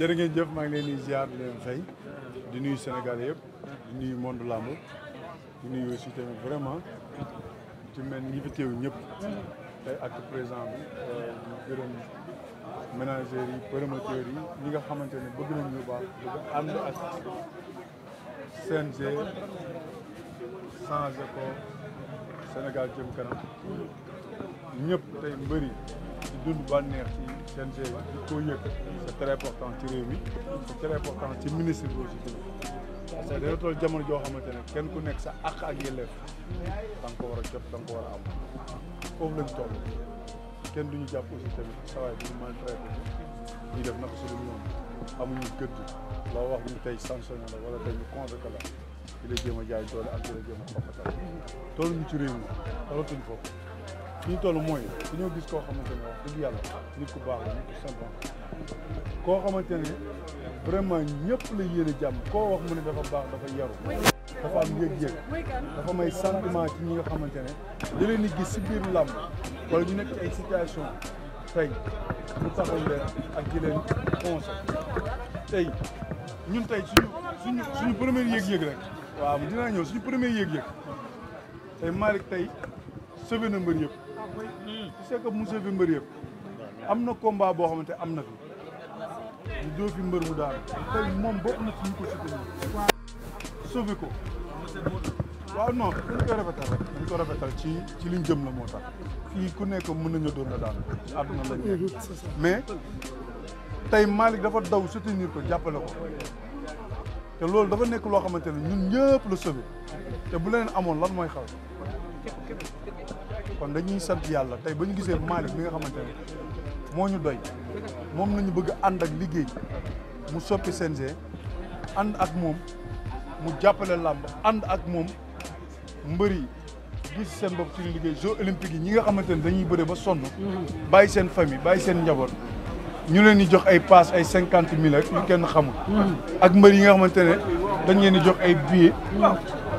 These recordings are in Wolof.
jërë jëf maa ngi leen di ziar di leen di nuyu Sénégal yëpp di nuyu monde làmb di nuyu aussi tamit vraiment ci mel ñi fi teew ñëpp tey ak président bi ñu gërëm yi promoteurs yi ñi nga xamante ne bëgg nañ lu baax bëgg ànd ak CNG changé ko Sénégal jëm kanam ñëpp tey mbëri di dund bànneex ci CNG di ko yëg c'est très important ci réew mi c'est très important ci ministre bi aussi tamit parce que dana toll jamono joo xamante ne kenn ku nekk sa àq ak yelleef da nga ko war a jot da nga ko war a am foofu lañ toll kenn duñu jàpp aussi tamit sawaay bi ñu maltraité ñu def naka suñu noonu amuñu gëdd loo wax ñu tey sanctionné la wala tey ñu convoqué la di la jéem a jaay doole ak di la jéem a xoqatal toll ñu ci réew mi tollatuñ foofu li ñu toll mooy dañoo gis koo xamante ne wax dëgg yàlla nit ku baax la nit ku sympa koo xamante ne vraiment o la yéene jàmm koo wax mu ne dafa baax dafa yaru dafa am yëg-yëg dafa may sentiment ci ñi nga xamante ne li leen di gis si biir làmb wala ñu nekk ci ay situation tey mu taxaw leen sauvé na mbër yëpp c'est que mu sauvé mbër yëpp am na combat boo xamante am na fi ñu doo fi mbër mu daal tey moom bokk na ci ñu ko soutenir sauvé ko waaw ci ci liñ jëm la moo tax ku nekk mën nañu doon la daan àdduna la ñu mais tey Malick dafa daw soutenir ko jàppale ko te loolu dafa nekk loo xamante ne ñun ñëpp la sauvé te bu leneen amoon lan mooy xaw kon dañuy sant yàlla tey ba ñu gisee Malick mi nga xamante moo ñu doy moom nañu bëgg ànd ak liggéey mu soppi CNG ànd ak moom mu jàppale làmb ànd ak moom mbër yi gis seen bopp ci liggéey jeux olympiques yi ñi nga xamante ne dañuy bëre ba sonn bàyyi seen famille bàyyi seen njaboot ñu leen di jox ay paas ay cinquante mille ak ñu kenn xamul ak mbër yi nga xamante ne dañ leen di jox ay billets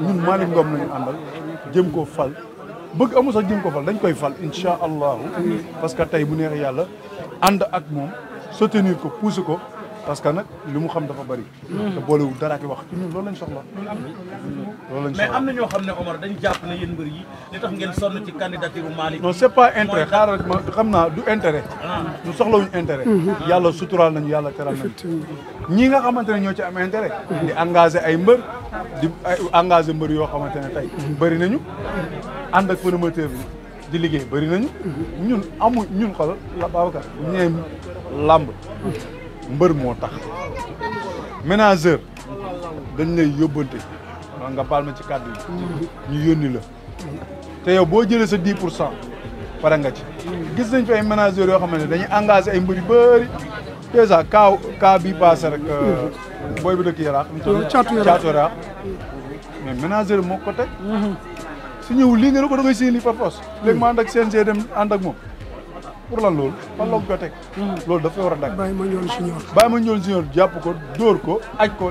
ñun Malick Ngom nañu àndal jëm ko fal bëgg amul sax jëm ko fal dañ koy fal incha allahu parce que tey bu neex yàlla ànd ak moom soutenir ko pousser ko parce que nag li mu xam dafa bëri. te boolewul dara ki wax ci ñun loolu lañ soxla. loolu lañ soxla am na ñoo xam ne Omar dañu jàpp ne yéen mbër yi li tax ngeen sonn ci candidature Malick. non c'est pas intérêt xaaral xam naa du intérêt. Ah. soxla soxlawuñu intérêt. Mm-hmm. Ah. yàlla suturaal nañu yàlla teral nañu. ñii nga xamante ne ñoo ci am intérêt. di mm-hmm. engagé ay mbër di engagé mbër yoo xamante ne tey. Mm-hmm. bëri nañu ànd ak promoteur bi di liggéey bëri nañu. ñun amu ñun xoolal la ka bu làmb. mbër moo tax ménageur dañ lay yóbbante maa nga baal ma ci kàddu yi ñu yónni la te yow boo jëlee sa 10 pour cent pare nga ci gis nañ fi ay ménageurs yoo xamante ne dañuy engagé ay mbër yu bëri dèjà kaaw kaa bi passé rek euh, booy bi dëkk yaraax caatu yaraax mais ménageur moo ko teg mhm. su ñëw lii nga ne ko da ngay signé lii par force léegi ma ànd ak CNG dem ànd ak moom pour lan loolu fan la ko teg hmm. loolu dafa war a dagg bàyyi ma ñoon junior bàyyi ma ñoon junior jàpp ko dóor ko aj ko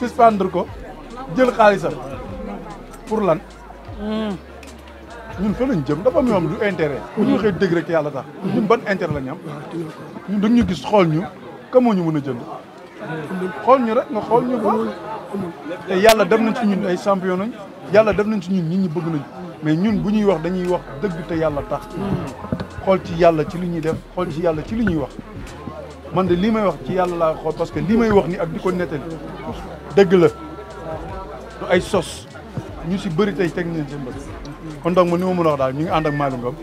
suspendre ko jël xaalisam pour lan hmm. ñun fa lañ jëm dafa am ñoom du intérêt bu ñu hmm. waxee dëgg rek yàlla tax ñun ban intérêt la ñu ñun dañ ñu gis xool ñu ka moo ñu mën a jënd xool ñu rek nga xool ñu ko te yàlla def nañ ci ñun ay champion nañ yàlla def nañ si ñun nit ñi bëgg nañ mais ñun bu ñuy wax dañuy wax dëgg te yàlla tax xool ci yàlla ci li ñuy def xool ci yàlla ci li ñuy wax man de lii may wax ci yàlla laa xool parce que lii may wax ni ak di ko nettali dëgg la du ay sos ñu si bëri tey teg nañ seen kon donc ni ma mën a wax daal ñu ngi ànd ak Malick Ngom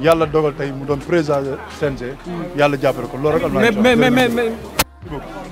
yàlla dogal tey mu doon président CNG yàlla jàppale ko loolu rek. mais mais mais mais.